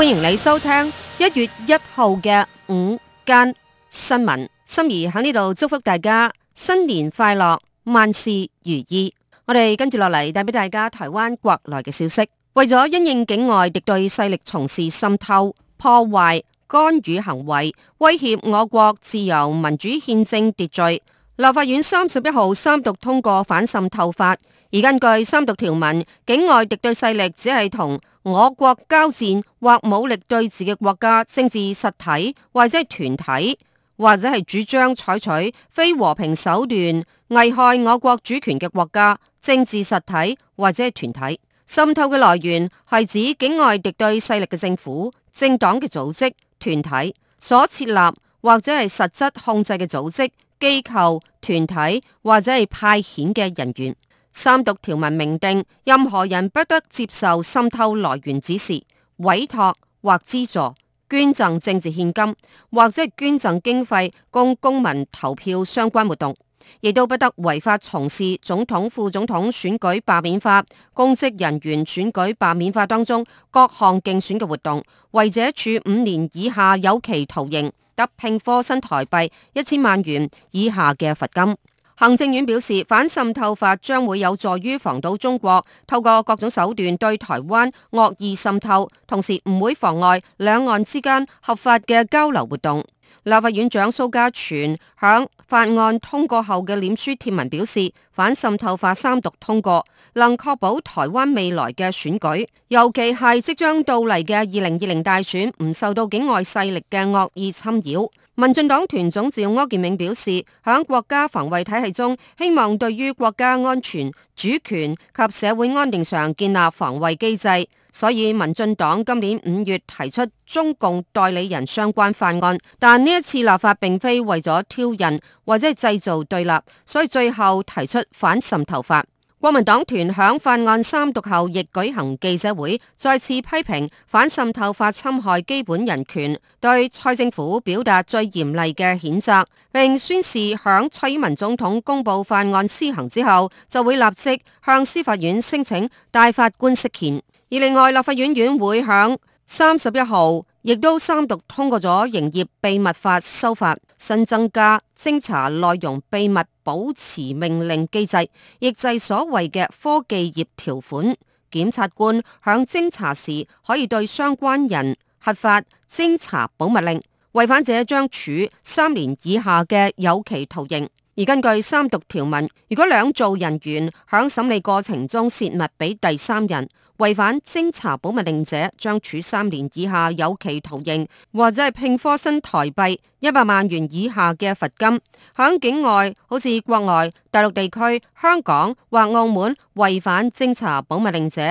歡迎你收聽一月一號嘅午間新聞，心怡喺呢度祝福大家新年快樂，萬事如意。我哋跟住落嚟帶俾大家台灣國內嘅消息，為咗因應境外敵對勢力從事滲透、破壞、干預行為，威脅我國自由民主憲政秩序。立法院三十一號三讀通過反滲透法，而根據三讀條文，境外敵對勢力只係同我國交戰或武力對峙嘅國家、政治實體或者係團體，或者係主張採取非和平手段危害我國主權嘅國家、政治實體或者係團體。滲透嘅來源係指境外敵對勢力嘅政府、政黨嘅組織、團體所設立或者係實質控制嘅組織。機構、團體或者係派遣嘅人員，三讀條文明定，任何人不得接受滲透來源指示、委託或資助、捐贈政治獻金或者捐贈經費供公民投票相關活動，亦都不得違法從事總統、副總統選舉罷免法、公職人員選舉罷免法當中各項競選嘅活動，違者處五年以下有期徒刑。及併科新台幣一千萬元以下嘅罰金。行政院表示，反滲透法將會有助於防堵中國透過各種手段對台灣惡意滲透，同時唔會妨礙兩岸之間合法嘅交流活動。立法院長蘇嘉全響法案通過後嘅臉書貼文表示，反滲透法三讀通過，能確保台灣未來嘅選舉，尤其係即將到嚟嘅二零二零大選，唔受到境外勢力嘅惡意侵擾。民進黨團總召柯建銘表示，響國家防衛體系中，希望對於國家安全、主權及社會安定上建立防衛機制。所以，民進黨今年五月提出中共代理人相關法案，但呢一次立法並非為咗挑釁或者係製造對立，所以最後提出反滲透法。國民黨團響法案三讀後亦舉行記者會，再次批評反滲透法侵害基本人權，對蔡政府表達最嚴厲嘅譴責，並宣示響蔡英文總統公布法案施行之後，就會立即向司法院申請大法官釋憲。而另外，立法院院會響三十一號亦都三讀通過咗《營業秘密法》修法，新增加偵查內容秘密保持命令機制，亦即所謂嘅科技業條款。檢察官響偵查時可以對相關人核發偵查保密令，違反者將處三年以下嘅有期徒刑。而根據三讀條文，如果兩造人員喺審理過程中泄密俾第三人，違反偵查保密令者，將處三年以下有期徒刑或者係併科新台幣一百萬元以下嘅罰金。喺境外，好似國外、大陸地區、香港或澳門，違反偵查保密令者，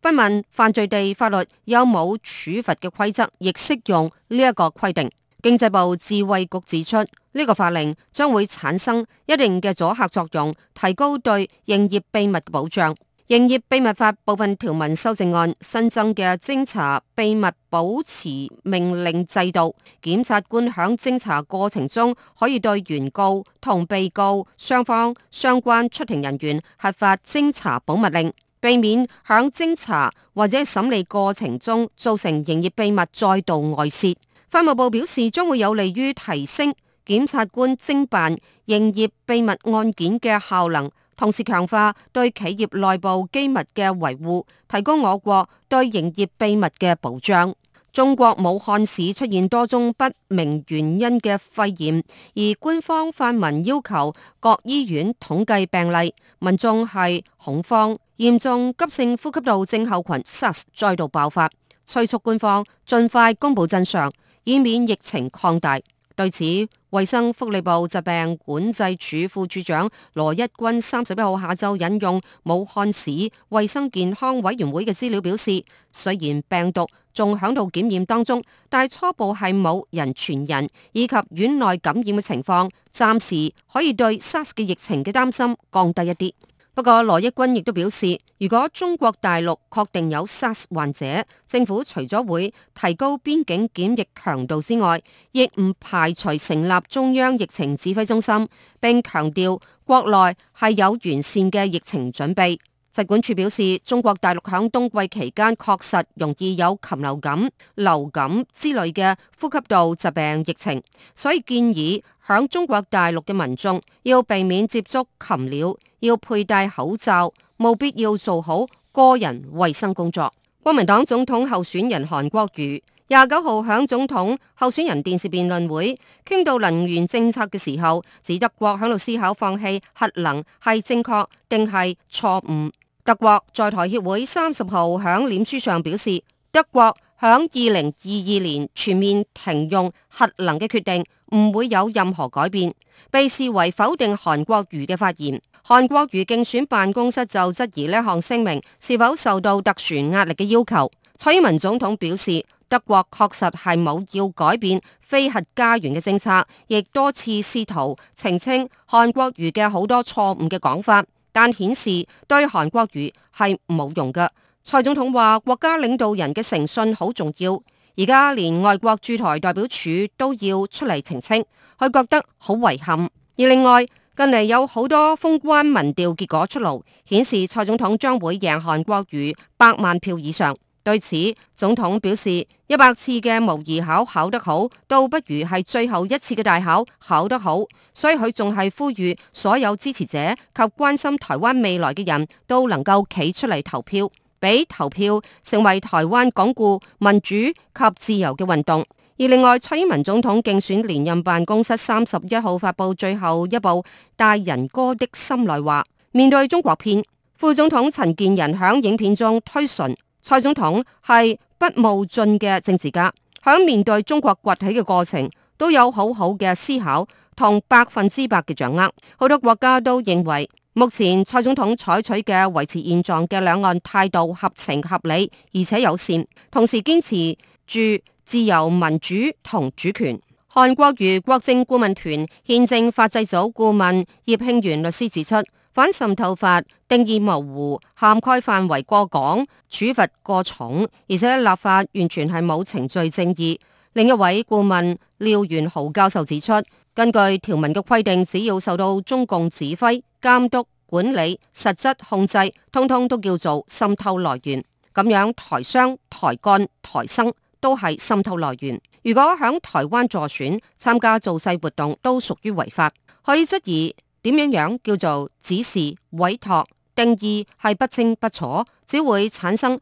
不問犯罪地法律有冇處罰嘅規則，亦適用呢一個規定。經濟部智慧局指出，呢、這個法令將會產生一定嘅阻嚇作用，提高對營業秘密保障。營業秘密法部分條文修正案新增嘅偵查秘密保持命令制度，檢察官響偵查過程中可以對原告同被告雙方相關出庭人員核發偵查保密令，避免響偵查或者審理過程中造成營業秘密再度外洩。法務部表示，將會有利於提升檢察官偵辦營業秘密案件嘅效能，同時強化對企業內部機密嘅維護，提高我國對營業秘密嘅保障。中國武漢市出現多宗不明原因嘅肺炎，而官方發文要求各醫院統計病例，民眾係恐慌。嚴重急性呼吸道症候群 SARS 再度爆發，催促官方盡快公布真相，以免疫情擴大，對此，衛生福利部疾病管制署副署長羅一軍三十一號下晝引用武漢市衛生健康委員會嘅資料表示，雖然病毒仲響度檢驗當中，但係初步係冇人傳人以及院內感染嘅情況，暫時可以對 SARS 嘅疫情嘅擔心降低一啲。不過，羅益軍亦都表示，如果中國大陸確定有 SARS 患者，政府除咗會提高邊境檢疫強度之外，亦唔排除成立中央疫情指揮中心。並強調國內係有完善嘅疫情準備。疾管署表示，中國大陸響冬季期間確實容易有禽流感、流感之類嘅呼吸道疾病疫情，所以建議響中國大陸嘅民眾要避免接觸禽鳥。要佩戴口罩，務必要做好個人衛生工作。國民黨總統候選人韓國瑜廿九號響總統候選人電視辯論會，傾到能源政策嘅時候，指德國響度思考放棄核能係正確定係錯誤。德國在台協會三十號響臉書上表示，德國。響二零二二年全面停用核能嘅決定唔會有任何改變，被視為否定韓國瑜嘅發言。韓國瑜競選辦公室就質疑呢一項聲明是否受到特殊壓力嘅要求。蔡英文總統表示，德國確實係冇要改變非核家園嘅政策，亦多次試圖澄清韓國瑜嘅好多錯誤嘅講法，但顯示對韓國瑜係冇用噶。蔡總統話：國家領導人嘅誠信好重要，而家連外國駐台代表處都要出嚟澄清，佢覺得好遺憾。而另外近嚟有好多封關民調結果出爐，顯示蔡總統將會贏韓國瑜百萬票以上。對此，總統表示一百次嘅模擬考考得好，都不如係最後一次嘅大考考得好，所以佢仲係呼籲所有支持者及關心台灣未來嘅人都能夠企出嚟投票。俾投票成為台灣鞏固民主及自由嘅運動，而另外，蔡英文總統競選連任辦公室三十一號發布最後一部《大仁哥的心內話》，面對中國片，副總統陳建仁響影片中推崇蔡總統係不冒進嘅政治家，響面對中國崛起嘅過程都有好好嘅思考同百分之百嘅掌握。好多國家都認為，目前蔡總統採取嘅維持現狀嘅兩岸態度，合情合理，而且友善，同時堅持住自由民主同主權。韓國瑜國政顧問團憲政法制組顧問葉慶元律師指出，反滲透法定義模糊、涵蓋範圍過廣、處罰過重，而且立法完全係冇程序正義。另一位顧問廖元豪教授指出，根據條文嘅規定，只要受到中共指揮監督管理實質控制，通通都叫做滲透來源。咁樣台商、台幹、台生都係滲透來源。如果響台灣助選、參加造勢活動都屬於違法，可以質疑點樣樣叫做指示委託，定義係不清不楚，只會產生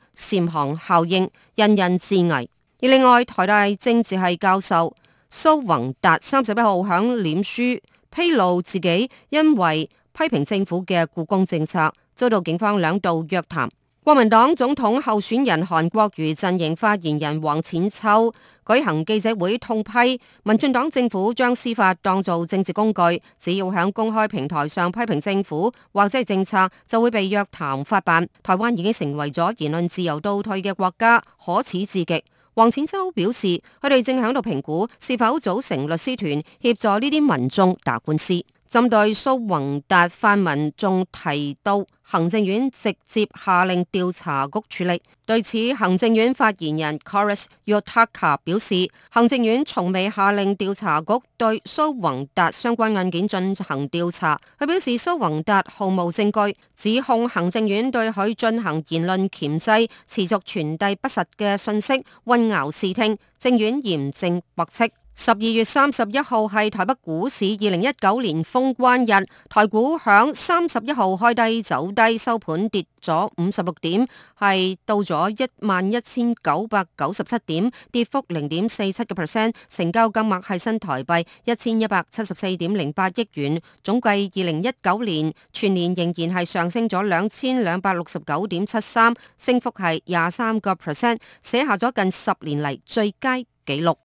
寒蟬效應，人人自危。而另外，台大政治系教授蘇宏達三十一號響臉書披露自己因為。批評政府嘅故宮政策，遭到警方兩度約談。國民黨總統候選人韓國瑜陣營發言人黃淺秋舉行記者會痛批，民進黨政府將司法當做政治工具，只要響公開平台上批評政府或者政策，就會被約談法辦。台灣已經成為咗言論自由倒退嘅國家，可恥至極。黃淺秋表示，佢哋正響度評估是否組成律師團協助呢啲民眾打官司。針對蘇宏達泛民仲提到行政院直接下令調查局處理。對此，行政院發言人 Kolas Yotaka 表示，行政院從未下令調查局對蘇宏達相關案件進行調查。佢表示，蘇宏達毫無證據指控行政院對佢進行言論鉗制，持續傳遞不實嘅信息，混淆視聽。政院嚴正駁斥。十二月三十一號係台北股市二零一九年封關日，台股響三十一號開低走低，收盤跌咗五十六點，係到咗一萬一千九百九十七點，跌幅零點四七個 percent，成交金額係新台幣一千一百七十四點零八億元，總計二零一九年全年仍然係上升咗兩千兩百六十九點七三，升幅係廿三個 percent，寫下咗近十年嚟最佳紀錄。